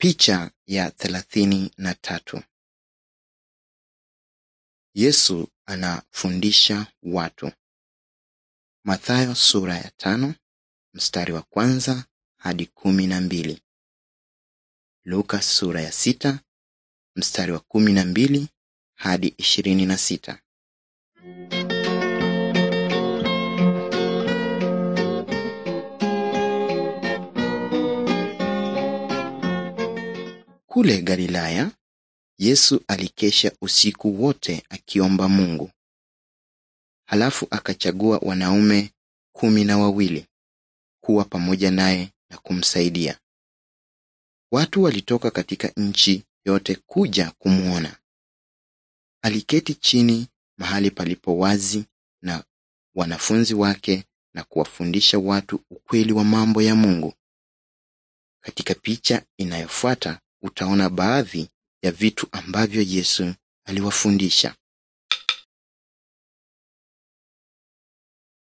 Picha ya thelathini na tatu Yesu anafundisha watu. Mathayo sura ya tano mstari wa kwanza hadi kumi na mbili Luka sura ya sita mstari wa kumi na mbili hadi ishirini na sita Kule Galilaya Yesu alikesha usiku wote akiomba Mungu. Halafu akachagua wanaume kumi na wawili kuwa pamoja naye na kumsaidia. Watu walitoka katika nchi yote kuja kumwona. Aliketi chini mahali palipo wazi na wanafunzi wake na kuwafundisha watu ukweli wa mambo ya Mungu. Katika picha inayofuata utaona baadhi ya vitu ambavyo Yesu aliwafundisha.